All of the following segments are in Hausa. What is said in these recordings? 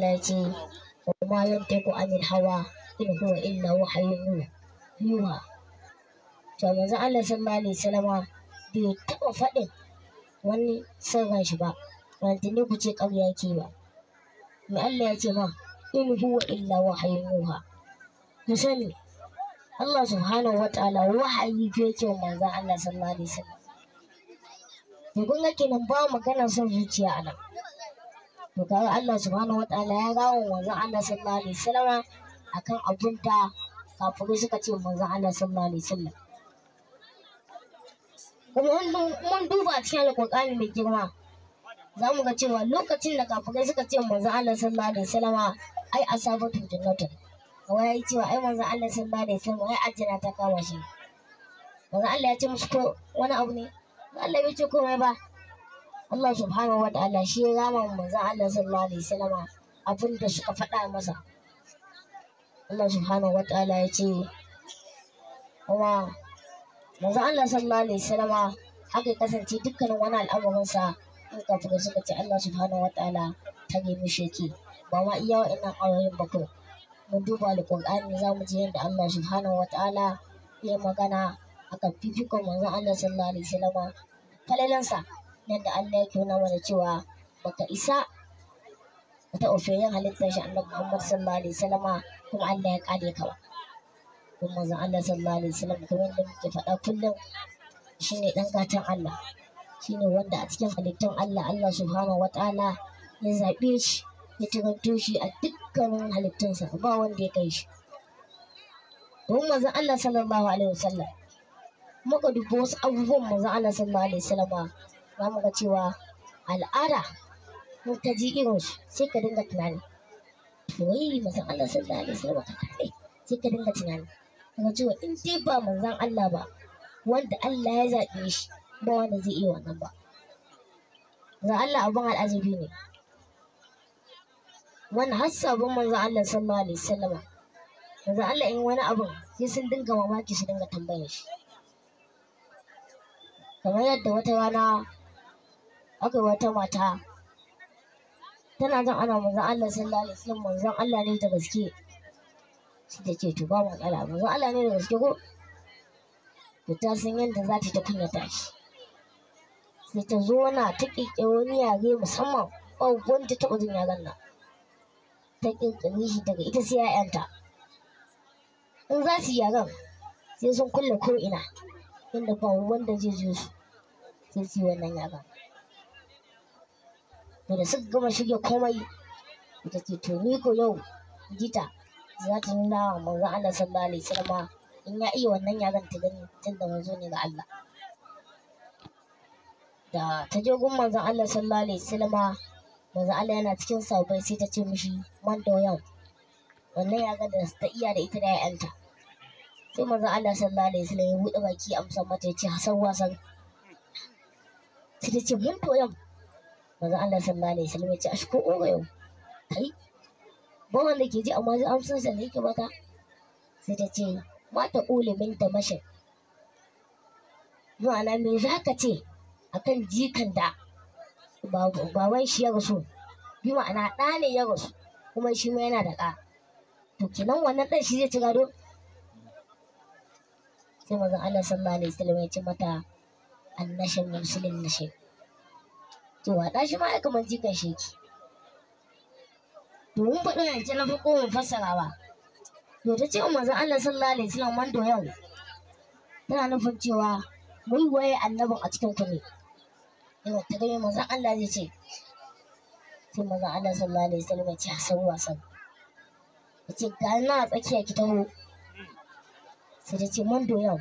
ta'ala kuma yau ta ku anil hawa in huwa illa wahayin yuha to yanzu Allah sallallahu mali salama bai taɓa faɗin wani sirrin shi ba wani tuni ku ce ƙarya ke ba Ni Allah ya ce ma in huwa illa wahayin yuha ku sani Allah subhanahu wa ta'ala wahayi ke ce wa manzo Allah sallallahu alaihi wasallam to kun ga kenan ba magana son zuciya a nan to kaga Allah subhanahu wataala ya gawo manzon Allah sallallahu alaihi wasallam akan abun kafirai suka ce manzon Allah sallallahu alaihi wasallam kuma mun duba cikin alƙur'ani mai girma za mu ga cewa lokacin da kafirai suka ce manzon Allah sallallahu alaihi wasallam ai asabatu jannatu kawai yi cewa ai manzon Allah sallallahu alaihi wasallam ai ajira ta kama shi manzon Allah ya ce musu ko wani abu ne Allah bai ce komai ba Allah subhanahu wa ta'ala shi ya rama manzon Allah sallallahu alaihi wasallam abin da suka faɗa masa Allah subhanahu wa ta'ala ya ce kuma manzon Allah sallallahu alaihi wasallam haka ya kasance dukkanin wani al'amuransa in kafin suka ce Allah subhanahu wa ta'ala ta nemi sheki ba ma iya wa'annan ayoyin ba ko mun duba alƙur'ani za mu ji yadda Allah subhanahu wa ta'ala ya magana akan fifikon manzon Allah sallallahu alaihi wasallam falalansa yadda Allah yake nuna mana cewa baka isa ka taɓa fiyayen halittar shi annabi Muhammad sallallahu alaihi wasallama kuma Allah ya kare ka ba kuma manzon Allah sallallahu alaihi wasallam kuma wanda muke faɗa kullum shine dan gatan Allah shine wanda a cikin halittun Allah Allah subhanahu wataala ya zabe shi ya tabbato shi a dukkanin halittunsa ba wanda ya kai shi kuma manzon Allah sallallahu alaihi wasallam muka dubo wasu abubuwan manzon Allah sallallahu alaihi wasallama za mu ga cewa al'ada ko ta ji irin shi sai ka dinga tunani wai masan Allah sallallahu alaihi wasallam ka kai sai ka dinga tunani kuma cewa in dai ba manzon Allah ba wanda Allah ya zabe shi ba wanda zai iya wannan ba ga Allah abun al'ajabi ne wannan har sabon manzon Allah sallallahu alaihi wasallam manzon Allah in wani abu sai sun dinga mamaki su dinga tambayar shi kamar yadda wata rana aka wata mata tana jin ana manzon Allah sallallahu alaihi wasallam manzon Allah ne da gaske shi da ke to ba matsala manzon Allah ne da gaske ko Da ta san yadda za ta tafi ya tashi sai ta zo na ta ƙirƙiri wani yare musamman ba wanda taɓa jin yaren nan ta ƙirƙiri shi daga ita sai 'ya'yanta in za su yi yaren sai sun kulle ko'ina inda ba wanda zai zo su sai su yi wannan yaren to da suka gama shirya komai ita ce to ni ko yau gita za ta nuna wa manzon Allah sallallahu alaihi wasallam in ya iya wannan ya ganta gani tun da manzo ne ga Allah da ta je gun manzon Allah sallallahu alaihi wasallam manzon Allah yana cikin sabai sai ta ce mishi man doyan wannan ya ga da ta iya da ita da ya'yanta sai manzon Allah sallallahu alaihi wasallam ya buɗe baki amsa mata ya ce hasan wasan sai ta ce mun doyan manzo Allah sallallahu ba ne ya ce ashku umayu kai ba wanda ke ji amma zai amsa sa ne mata sai ta ce mata ulimin da mashin ma'ana me za ka ce akan jikan da baban shi ya rasu bi ma'ana ɗa ne ya rasu kuma shi ma yana da ɗa to kenan wannan ɗan shi zai ci gado sai maza Allah san alaihi ne ya ce mata annashin musulun nashin to haɗa shi ma ya kamar jikan sheki domin faɗin yanci na farko mun fassara ba to ta ce manzon Allah sallallahu alaihi wasallam wanda yau tana nufin cewa mun waye annabin a cikin ku ne yau ta gani manzon Allah zai ce sai manzon Allah sallallahu alaihi wasallam ya ce hasan wasan ya ce ga na tsakiya ki taho sai ta ce man doyan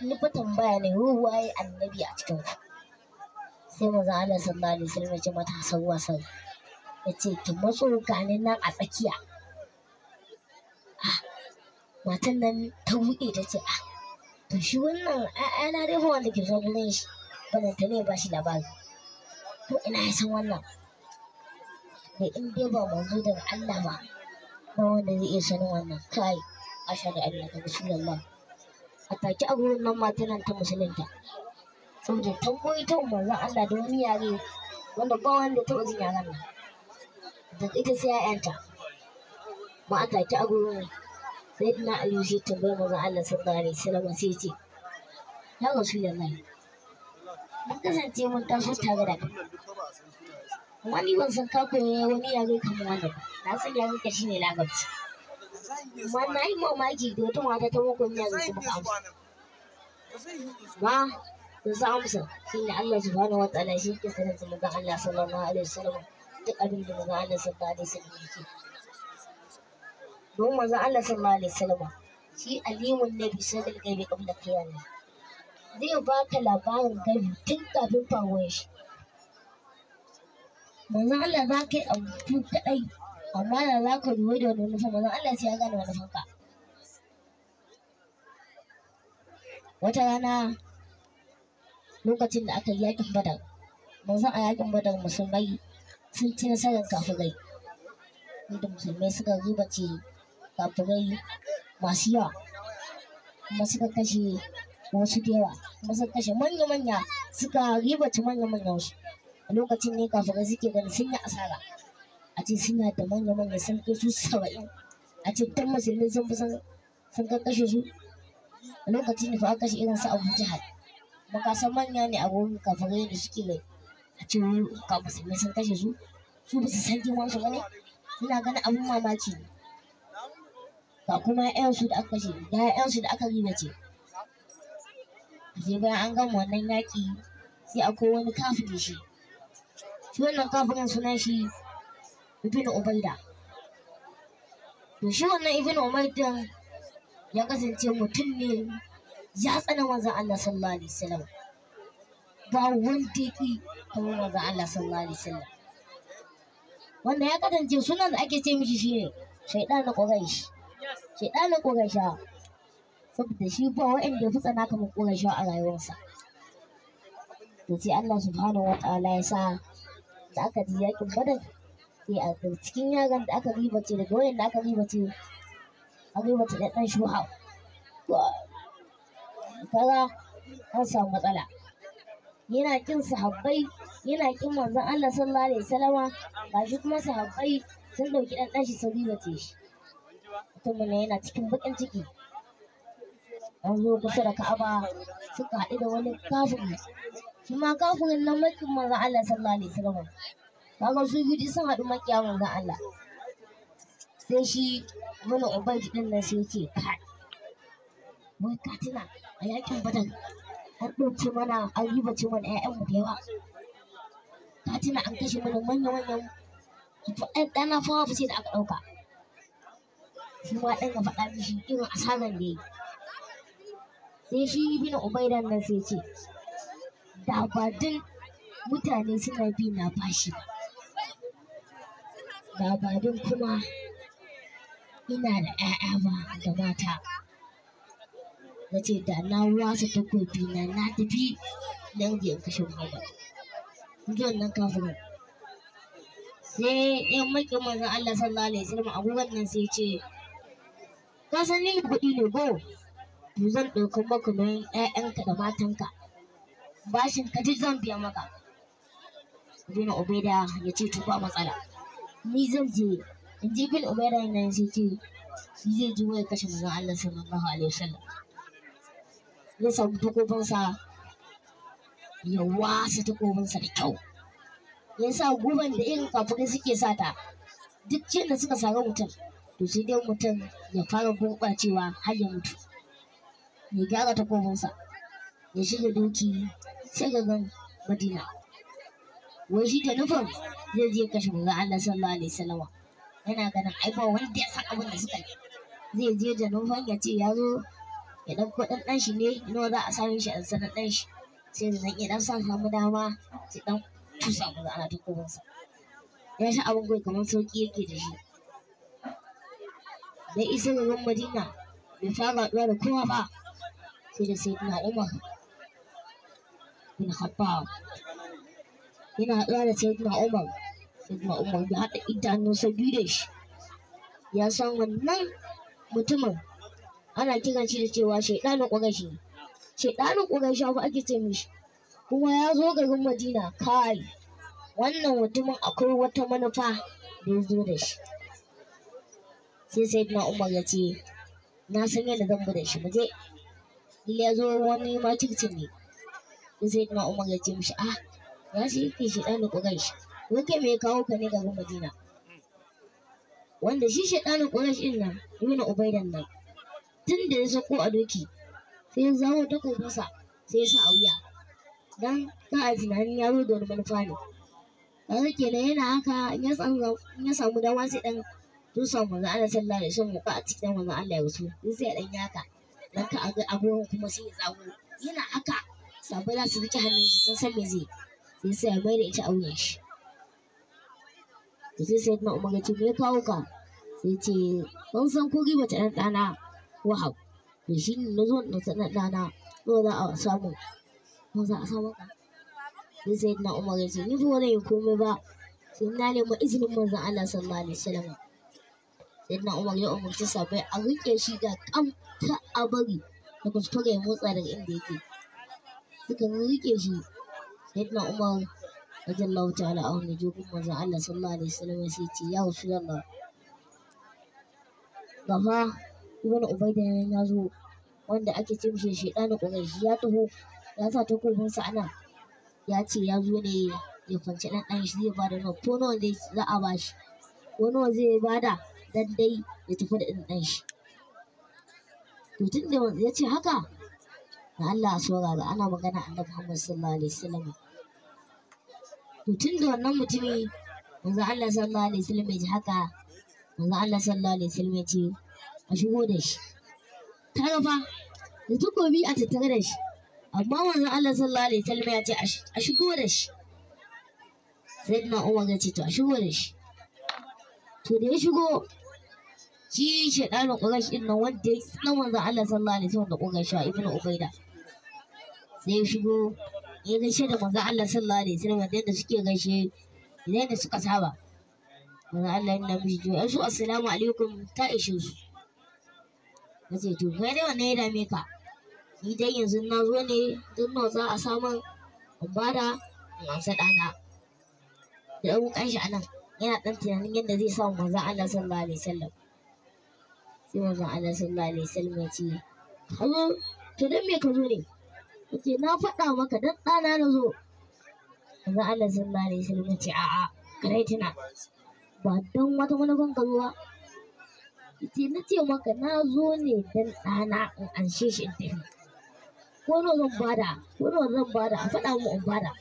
ni fa tambaya ne waye annabi a cikin ku sai manzo Allah sallallahu alaihi wasallam ya ce mata hasan wasan ya ce ki matso ganin nan a tsakiya ah, matan nan ta buɗe ta ce ah to shi wannan ana dai fa wanda ke zo gurin shi Bana ta ne ba shi labari Ko ina ya san wannan da in dai ba manzo daga Allah ba ba wanda zai iya sanin wannan kai ashhadu an la ilaha illallah a take a gurin nan matan nan ta musulunta saboda tamboyi ta umarnin Allah da wani yare wanda ba wanda taɓa jin yaran nan da ita sai ‘ya'yanta ba aka ta agurin sai dina aliyu shi tambayar mazan Allah sallallahu alaihi wasallam sai ce ya rasu da mai mun kasance mun taso tare da kai wani ban san ka koyi wani yare kamar wannan na san yare ka shine lagabci amma na yi mamaki da wata mata ta makon yare kuma ka ba kun san amsa shi ne Allah subhanahu wataala shi ke sanar da manzon Allah sallallahu alaihi wasallam duk abin da manzon Allah sallallahu alaihi wasallam yake don maza Allah sallallahu alaihi wasallam shi alimun nabi sallallahu alaihi wasallam kabla kiyama zai baka labarin gari tun kafin faruwar shi Maza Allah za ka yi abu kaɗai amma da za ka ruwa da wani nufa manzon Allah sai ya gane haka. wata rana lokacin da aka yi yakin badar manzon a yakin badar musulmai sun ci nasarar kafirai inda musulmai suka ribace kafirai masu yawa kuma suka kashe wasu da yawa kuma suka kashe manya-manya suka ribace manya manya wasu a lokacin ne kafirai suke ganin sun yi asara a ce suna da manya-manya sun kai su saba'in a ce duk musulmai sun fi sun kakkashe su a lokacin da fa kashe irin su abu jihar san manya ne a gurin kafirai da suke a cikin musulmai sun kashe su su ba su san girman su bane suna ganin abin mamaki ne kuma ƴan su da aka kashe da ƴan su da aka riba ce je bayan an gama wannan yaki, sai akwai wani da shi shi wannan kafin sunan shi ibn ubaida to shi wannan ibn din ya kasance mutum ne ya tsana manzan Allah sallallahu alaihi wasallam ba wanda yake kamar manzan Allah sallallahu alaihi wasallam wanda ya kadance sunan da ake ce mishi shine shaidanin quraish na quraisha saboda shi ba wanda ya fi tsana kamar quraisha a rayuwarsa to sai Allah subhanahu wataala ya sa da aka ji yakin badar sai a cikin yaran da aka riba ce daga wayan da aka riba ce, a riba da dan shuha kaza an samu matsala yana kin sahabbai yana kin manzon Allah sallallahu alaihi wasallama gashi kuma sahabbai sun dauki dan dashi sun ce shi mutumin ne yana cikin bakin ciki an zo kusa da Ka'aba suka haɗu da wani kafiri shi ma kafirin nan makin manzon Allah sallallahu alaihi wasallama kaga su biyu sun haɗu makiya manzon Allah sai shi mana ubangi din nan sai ce kai mun katina a yakin badan, har ɗauke mana an ribace mana 'ya'yanmu da yawa katina an kashe mana manya-manyan ɗana fawa sai da aka ɗauka shi ma ɗan ya faɗa mishi irin asarar da ya sai shi bin ubaidan nan sai ce da ba dun mutane suna bi na bashi da ba dun kuma ina da ƴaƴa ba da mata na ce da na wasa kofi na na tafi nan in kashe muhammad zuwan nan kafin sai yan makin manzo Allah sallallahu alaihi wasallam agogon nan sai ce ka san ni kuɗi ne go to zan ɗauki maka nauyin ƴaƴanka da matanka bashin ka duk zan biya maka bin ubaida ya ce to ba matsala ni zan je in ji bin ubaida nan sai ce shi zai ji wai kashe manzo Allah sallallahu alaihi wasallam ya samu takobinsa ya wasa takobinsa da kyau ya sa guban da irin kafin suke sata duk cin da suka sari mutum to sai dai mutum ya fara gurɓacewa har ya mutu ya gyara takobinsa ya shirya doki sai ga gan madina wai shi da nufin zai je kashe manzon Allah sallallahu alaihi wasallam yana ganin ai ba wanda ya san abin da suka yi zai je da nufin ya ce ya zo ya ɗauko ɗan ɗan shi ne ino za a same shi a zan ɗan shi sai da zan iya ɗan sa samu dama sai ɗan tusa mu ana ta kowansa ya sha abin gwai kamar sauƙi yake da shi da isa garin madina bai fara haɗuwa da kowa ba sai da sai na umar bin khattab yana haɗuwa da sai na umar sai na umar ya haɗa idanunsa biyu da shi ya san wannan mutumin ana kiran shi da cewa shaidanin ƙurashi shaidanin ƙurashi abu ake ce mishi kuma ya zo garin madina kai wannan mutumin akwai wata manufa da ya zo da shi sai sai na umar ya ce na san yadda zan bi da shi mu je ya zo wani makircin ne sai sai na umar ya ce mishi ah ya shi yake shaidanin ƙurashi wai kai me kawo ka ne garin madina wanda shi shaidanin ƙurashi ɗin nan yana ubaidan nan tun da ya sako a doki sai ya zawo kofasa sai ya sa a wuya dan za a tunanin ya zo da wani manufa ne ke na yana haka in ya samu dama sai dan tusa manzo ana sallah da shan muka a cikin manzo Allah ya wasu in sai dan yaka dan ka a abubuwan kuma sai ya zawo yana haka sabai za su rike hannun shi sun san me zai sai sai ya da ita auren shi to sai sai kuma umar ya ce me ya kawo ka sai ce ban san ko riba ta ɗan ɗana wahab to shi ne na zo na za a samu ko sai umar ya ce ni ba zan yi komai ba sai na izinin manzon Allah alaihi umar ya umarci sabai a rike shi ga kam ta a bari da ya motsa daga inda yake suka rike shi ta'ala a wani jogun manzon Allah sallallahu alaihi wasallam sai ce ya Ibn Ubaida ya zo wanda ake ce mishi Shaidanin Quraish ya taho ya sa takobinsa ana ya ce ya zo ne ya kwanci ɗan ɗan shi zai bada nawa ko nawa zai za a ba ko nawa zai bada dan dai ya tafi da ɗan ɗan shi. To tun da ya ce haka da Allah a saurara ana magana annabi Muhammad sallallahu alaihi wasallam. To tun da wannan mutumi manzo Allah sallallahu alaihi wasallam ya ji haka manzo Allah sallallahu alaihi wasallam ya ce a shigo da shi ta fa da takobi a tattare da shi amma manzon Allah sallallahu alaihi wasallam ya ce a shigo da shi sayyidina Umar ya ce to a shigo da shi to da ya shigo shi shaidanin Quraysh din nan wanda ya tsina manzon Allah sallallahu alaihi wasallam da Quraysh ibn Ubaida sai ya shigo ya gaishe da manzon Allah sallallahu alaihi wasallam da suke gaishe da suka saba manzon Allah ya nuna mishi jiya su assalamu alaikum ta ishe su na ce to kai dai wanne ya dame ka ni dai yanzu na zo ne don nawa za a samun in bada in amsa ɗana da ɗan wuƙan shi anan yana ɗan tunanin yadda zai samu manzon Allah sallallahu alaihi wasallam sai manzon Allah sallallahu alaihi wasallam ya ce ka zo to dan me ka zo ne ya na faɗa maka dan ɗana na zo manzon Allah sallallahu alaihi wasallam ya ce a'a kada tuna ba don wata manufan ka zo ba ce na ce maka na zo ne dan ɗana in anshe shi in tafi ko nawa zan bada ko nawa zan bada a faɗa mu in bada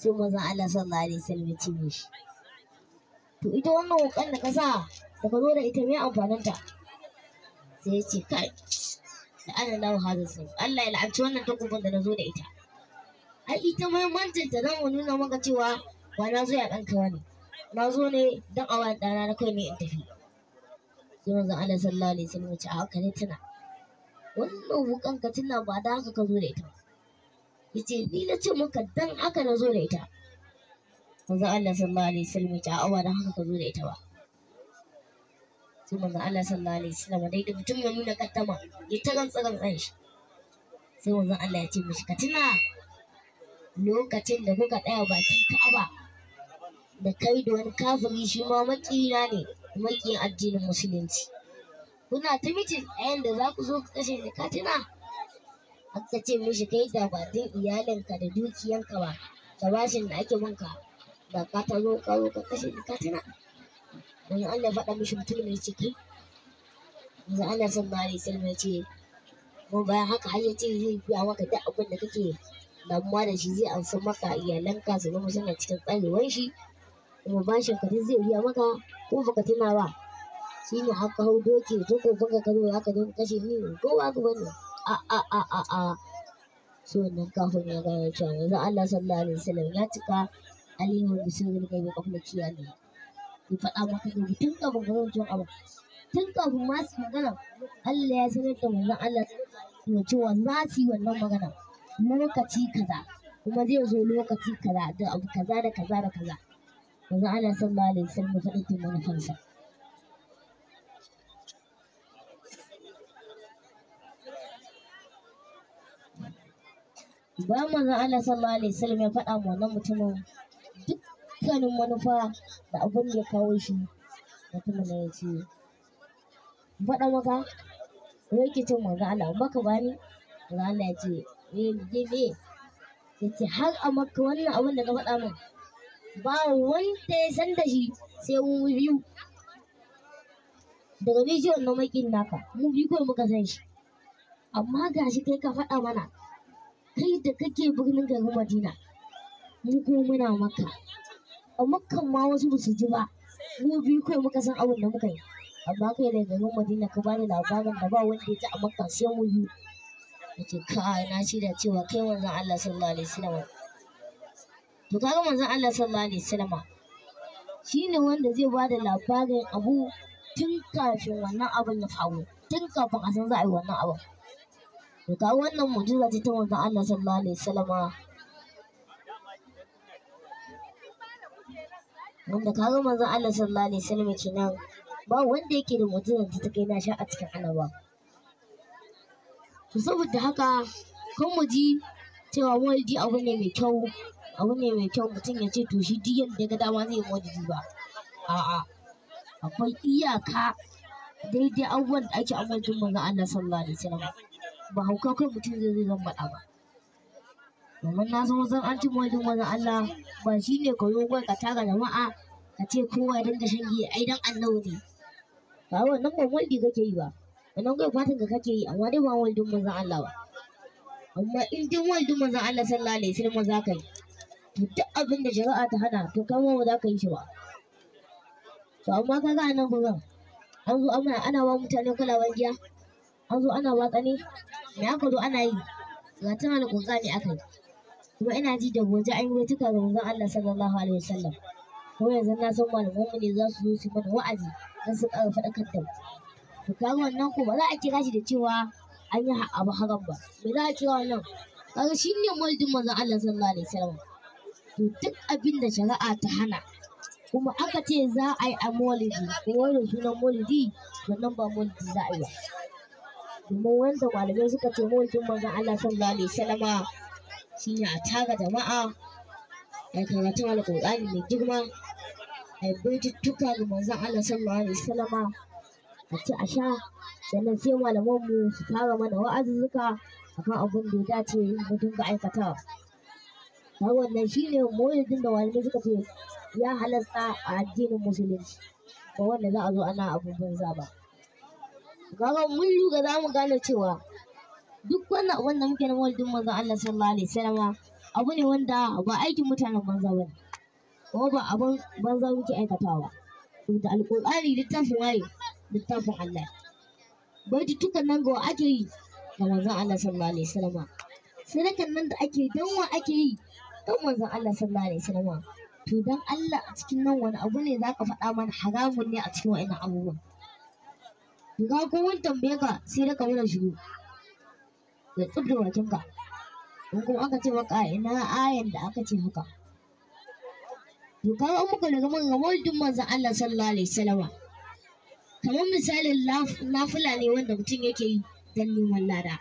sai maza Allah sallallahu alaihi wasallam ya cinye shi to ita wannan wukan da sa da ka zo da ita me amfanin ta sai ya ce kai da ana lawo hazin sai Allah ya la'anci wannan takobin da na zo da ita ai ita muhimmancin ta zan nuna maka cewa ba na zo ya ɗanka wani na zo ne don a wani ɗana na kai ne in tafi sai manzon Allah sallallahu alaihi wasallam ya ce a haka ne tuna wannan wukan ka tuna ba da haka ka zo da ita yace ni na ce maka dan haka na zo da ita manzon Allah sallallahu alaihi wasallam ya ce a ba da haka ka zo da ita ba sai manzon Allah sallallahu alaihi wasallam dai da mutum ya nuna kattama ya ta rantsa rantsan shi sai manzon Allah ya ce mishi ka tuna lokacin da kuka tsaya bakin Ka'aba da kai da wani kafiri shi ma makina ne maƙiyin addinin musulunci kuna ta mitin a yanda za ku zo ku kashe zakatina aka ce mishi kai da batin iyalinka da dukiyanka ba da bashin da ake binka da ka ta zo ka zo ka kashe zakatina wani Allah faɗa mishi mutum mai ciki yanzu Allah sallallahu alaihi ce ko bayan haka har ya ce zai biya maka duk abin da kake damuwa da shi zai amsa maka iyalanka su zama suna cikin tsarewar shi kuma bashin ka zai biya maka ko baka tuna ba shi ne haka hau doki ko ko baka kano ka don kashe ni ko ba ka bane a a a a a so ne kafin ya gano cewa yanzu. Allah sallallahu alaihi wasallam ya cika alimin da sun riga bai kafin kiyaye ne ki faɗa maka da tun kafin gaban tun abu tun kafin ma su magana Allah ya sanar da manzo Allah ya ce za su yi wannan magana lokaci kaza kuma zai zo lokaci kaza da abu kaza da kaza da kaza manzo Allah sallallahu alaihi wasallam ta ɗauke mana kansa bayan manzon Allah sallallahu alaihi wasallam ya faɗa ma wannan mutumin dukkanin manufa da abin da ya kawo shi mutumin ne ya ce faɗa maka wai ke cin manzon Allah in baka bani manzon Allah ya ce eh je ne?" ya har a maka wannan abin da ka faɗa min ba wanda ya san da shi sai mu biyu daga bidiyon na makin naka mu bi kawai muka san shi amma ga shi kai ka faɗa mana kai da kake birnin garin madina mu ko muna maka a makan ma wasu ba su ji ba mu biyu kawai muka san abin da muka yi amma kai da garin madina ka bani labarin da ba wanda ya ji a makka sai mu biyu nake kai na shirya cewa kai wanzan allah sallallahu alaihi wasallam to kaga manzon Allah sallallahu alaihi wasallam shine wanda zai ba da labarin abu tun kafin wannan abun ya faru tun kafin a san za a yi wannan abun to kaga wannan mu'jiza ce ta manzon Allah sallallahu alaihi wasallam wanda kaga manzon Allah sallallahu alaihi wasallam kenan ba wanda yake da mu'jizar ta kai na sha a cikin annaba to saboda haka kan mu ji cewa wani abu ne mai kyau abu ne mai kyau mutum ya ce to shi duk yadda ga dama zai jiki ba a'a akwai iyaka daidai abubuwan da ake ambaton manzan Allah sallallahu alaihi wasallam ba hauka kai mutum zai zai zambaɗa ba domin na san zan an ci maulidin manzan Allah ba shi ne koyo zo ka tara jama'a ka ce kowa ya dinga shan giya ai dan Allah ne ba wannan ba maulidi kake yi ba wannan kai fatan ka kake yi amma dai ba maulidin manzan Allah ba amma in dai maulidin manzan Allah sallallahu alaihi wasallam za ka yi duk abin da shari'a ta hana to kai ma ba za ka yi shi ba to amma ka ga nan gurin an zo ana ana wa mutane kulawar giya an zo ana waka ne me aka zo ana yi ga tana da kunza ne aka yi kuma ina ji da gobe an yi wata da manzon Allah sallallahu alaihi wasallam ko yanzu na san malamin mu ne za su zo su mana wa'azi dan su ƙara faɗakar da mu to kaga wannan ko ba za a kira shi da cewa an yi abu haram ba me za a kira wannan kaga shi ne mulkin manzon Allah sallallahu alaihi wasallam to duk abin da shari'a ta hana kuma aka ce za a yi a molidi ko wani sunan molidi wannan ba molidi za a yi domin wanda malamai suka ce molidin manzon Allah sallallahu alaihi wasallama shine a tara jama'a a karatun alƙur'ani mai girma a yi baituttuka ga manzon Allah sallallahu alaihi wasallama a ci a sha sannan sai malamanmu su fara mana wa'azuzzuka akan abin da ya dace mu dinga aikatawa wannan ne moyidin da walimi suka ce ya halasta a addinin musulunci ba wanda za a zo ana abubuwan banza ba kaga mun lura za mu gane cewa duk wannan abin da muke na maulidin manzo Allah sallallahu alaihi wasallam abu ne wanda ba aikin mutanen banza ba ne kuma ba abin banza muke aikatawa da alqur'ani littafin waye littafin Allah baitutukan nan ga ake yi ga manzo Allah sallallahu alaihi wasallam sadakan nan da ake danwa ake yi dan manzon Allah sallallahu alaihi wasallam to dan Allah a cikin nan wani abu ne zaka faɗa mana haramun ne a cikin wa'annan abubuwan ga ko wani tambaye ka sai da ka wura shiru da tsubda wajen ka in kuma aka ce maka ina ayan da aka ce haka to ka an muka daga man ga wajen manzon Allah sallallahu alaihi wasallam kamar misalin nafila ne wanda mutum yake yi dan neman lada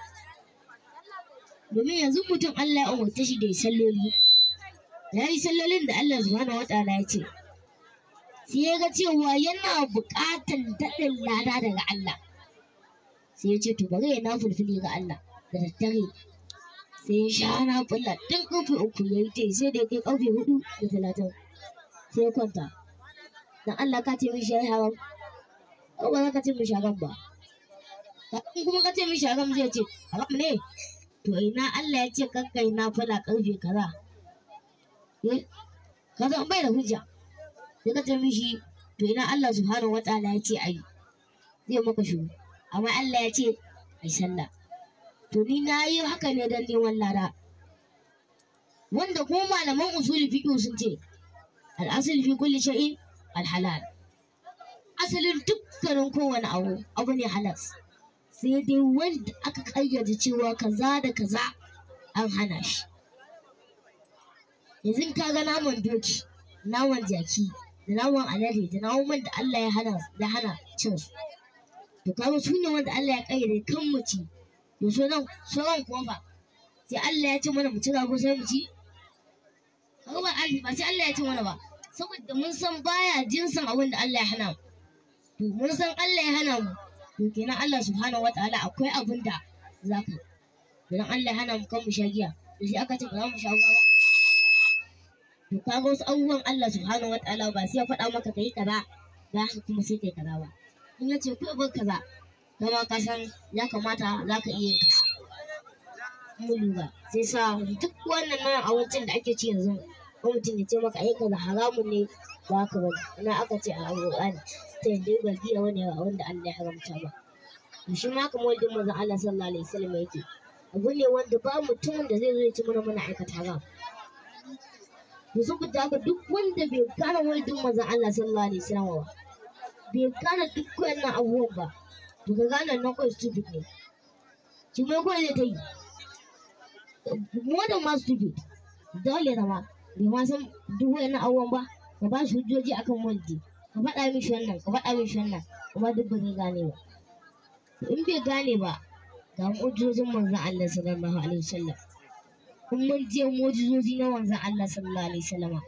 domin yanzu mutum Allah ya umarce shi da ya salloli ya yi sallolin da Allah subhanahu wataala ya ce sai ya ga cewa yana buƙatar daɗin lada daga Allah sai ya ce to bari ya na ga Allah da daddare sai ya sha na fulla ɗin ƙarfe uku ya yi ta sai da ya kai ƙarfe hudu da talatin sai ya kwanta dan Allah ka ce mishi ya yi haram ko ba za ka ce mishi haram ba in kuma ka ce mishi haram zai ce haram ne to ina Allah ya ce kakkai na fulla ƙarfe kaza Eh? ka san bai da hujja sai ka ce mishi to ina Allah subhanahu wataala ya ce ayi zai maka shiru amma Allah ya ce ai sallah to ni na yi haka ne dan neman lada wanda ko malaman usuli fiqh sun ce al'asul fi kulli shay'in alhalal asalin dukkanin kowane abu abu ne halas sai dai wanda aka kayyade cewa kaza da kaza an hana shi yanzu ka ga naman doki naman jaki da naman alade da naman da Allah ya hana da hana cin su to kaga su ne wanda Allah ya kayyade kan mu ci to so nan nan kuma ba sai Allah ya ce mana mu ci rago sai mu ci kaga ba ba sai Allah ya ce mana ba saboda mun san baya jinsin abin da Allah ya hana mu to mun san Allah ya hana mu to kenan Allah subhanahu wataala akwai abin da za ka yi idan Allah ya hana mu kan mu sha giya to sai aka ce ba za mu sha ruwa ba ka ga wasu abubuwan Allah subhanahu wa ta'ala ba sai ya faɗa maka kai kaza za ka kuma sai kai kaza ba in ya ce ko ban kaza kama ka san ya kamata za ka iya ba. sai sa duk wannan nan abincin da ake ci yanzu ko mutum ya ce maka ai kaza haramun ne ba ka ba na aka ce a alƙur'ani ta yadda ba biya wani wanda Allah ya haramta ba to shi ma kamar wajen manzon Allah sallallahu alaihi wasallam yake abu ne wanda ba mutumin da zai zo ya ci mana mana aikata haram musulunta haka duk wanda bai kare wajen manzon Allah sallallahu alaihi wasallam ba bai kare duk wannan abubuwan ba to ka gane nan kawai stupid ne shi mai kawai zai ta yi more ma stupid dole zama bai ma san duk wannan abubuwan ba ka ba shi hujjoji akan wanda ka faɗa mishi wannan ka faɗa mishi wannan kuma duk ba zai gane ba in bai gane ba ga hujjojin manzon Allah sallallahu alaihi wasallam kun mun je mujizozi na wanzan Allah sallallahu alaihi wasallama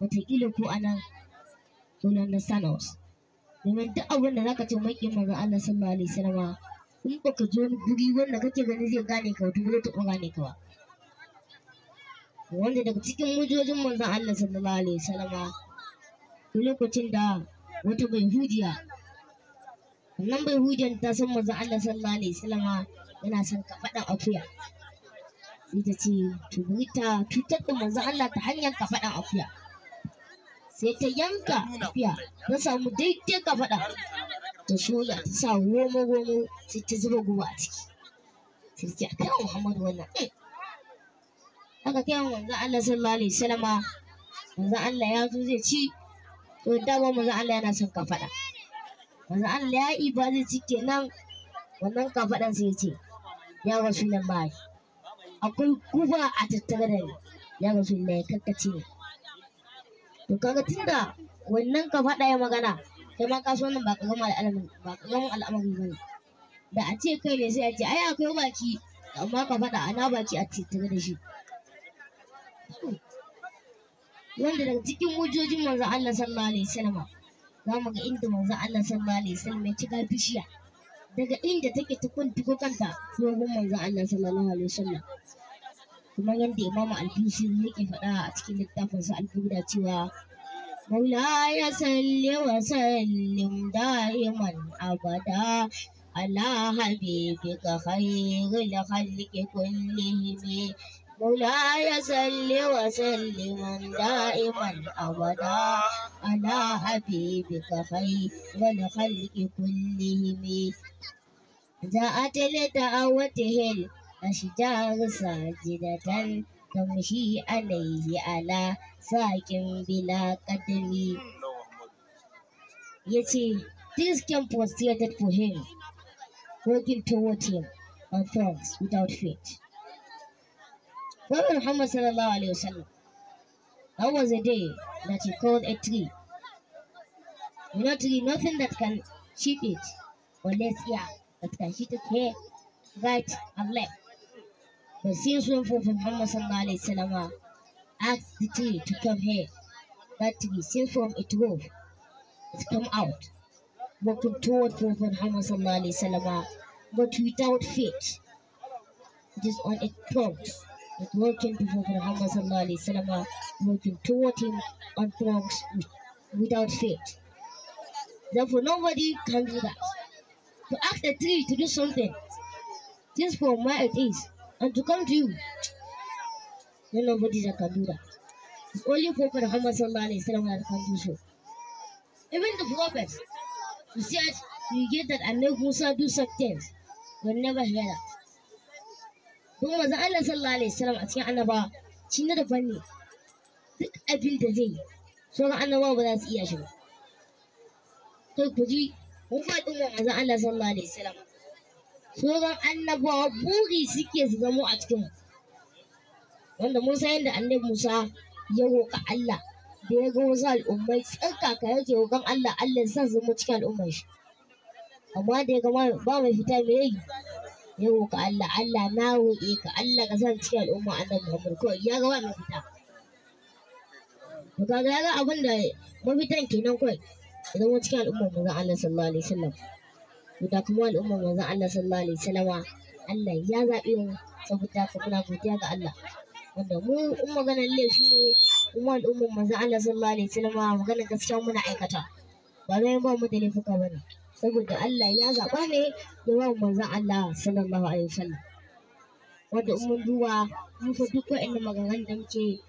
wataƙila ko ana sunan na us domin duk abin da zaka ce maƙin manzan Allah sallallahu alaihi wasallama in baka zo wani guri wanda kake ganin zai gane ka to zai taɓa gane ka ba wanda daga cikin mujojin manzan Allah sallallahu alaihi wasallama lokacin da wata bai hujiya wannan bai hujiyar ta san manzan Allah sallallahu alaihi wasallama yana son ka faɗa akuya sai ta ce to bari ta cutar da manzon Allah ta hanyar ka kafaɗan akuya sai ta yanka akuya ta samu daidai ka faɗa. ta soya ta sa romo romo sai ta zuba guba a ciki sai ta kai wa Muhammadu wannan eh. aka kai wa manzon Allah sallallahu alaihi wasallama manzon Allah ya zo zai ci to da ba manzon Allah yana son ka faɗa. manzon Allah ya iba zai ci kenan wannan kafaɗan sai ya ce ya rasu nan ba akwai guba a tattare da ni ya ga da ya kakkace ni to kaga tunda wannan ka faɗa ya magana kai ma kaso nan ba ka gama al'amari ba ka gama al'amari ba. da a ce kai ne sai a ce ai akwai baki amma ka faɗa ana baki a tattare da shi wanda daga cikin wujojin manzo Allah sallallahu alaihi wasallam za mu ga inda manzo Allah sallallahu alaihi wasallam ya ci bishiya daga inda take tukun tuku kanta domin manzo Allah sallallahu alaihi wasallam kuma yadda imamu al-bisir yake faɗa a cikin sa al-buda cewa maula ya salli wa sallim da'iman abada ala habibika khairul khalqi kullihim مولاي سل وسلم دائما أبدا على حبيبك خير الخلق كلهم جاءت لدعوته الأشجار ساجدة تمشي عليه على بلا قدم yace this camp was created for him working towards him on thorns without faith Prophet Muhammad sallallahu alayhi wasallam. That was a day that he called a tree. You know, tree, nothing that can cheat it, unless less, yeah, that can cheat it here, right, and left. But since when Prophet Muhammad sallallahu alayhi wasallam uh, asked the tree to come here, that tree, since from it rose, it come out, walking toward Prophet Muhammad sallallahu alayhi wasallam, uh, but without feet. just on its trunks working before Muhammad sallallahu working toward him on wrongs without faith. Therefore, nobody can do that. To ask a tree to do something, just from where it is, and to come to you, then nobody that can do that. It's only Prophet Muhammad sallallahu that can do so. Even the prophets, he said, you get that I know Musa do such things, will never hear that. kuma manzon Allah sallallahu alaihi wasallam a cikin annaba shi na daban ne duk abin da zai yi ga annabawa ba za su iya shi ba to ku ji mun faɗin wa manzon Allah sallallahu alaihi wasallam ga annabawa buri suke su zamo a cikin wanda mun san yadda annabi Musa ya roƙa Allah da ya ga wasu al'ummai tsarkaka yake roƙon Allah Allah ya sa su zama cikin al'ummar shi amma da ya gama ba mai fita mai yayi yau ka Allah Allah na roƙe ka Allah ka san cikin al'umma annabi Muhammad ko ya ga wannan fita to kaga ya ga abin da mafitan kenan kai idan mu cikin al'umma manzon Allah sallallahu alaihi wasallam mu da kuma al'umma manzon Allah sallallahu alaihi wasallama Allah ya zaɓe mu saboda ka muna godiya ga Allah wanda mu in maganar laifi ne kuma al'umman manzon Allah sallallahu alaihi wasallama maganar gaskiya muna aikata ba zai ba mu da laifuka bane saboda Allah ya zaɓa ne da wa manzon Allah sallallahu alaihi wasallam wanda in mun duba mun fa duk wa'annan maganganun da muke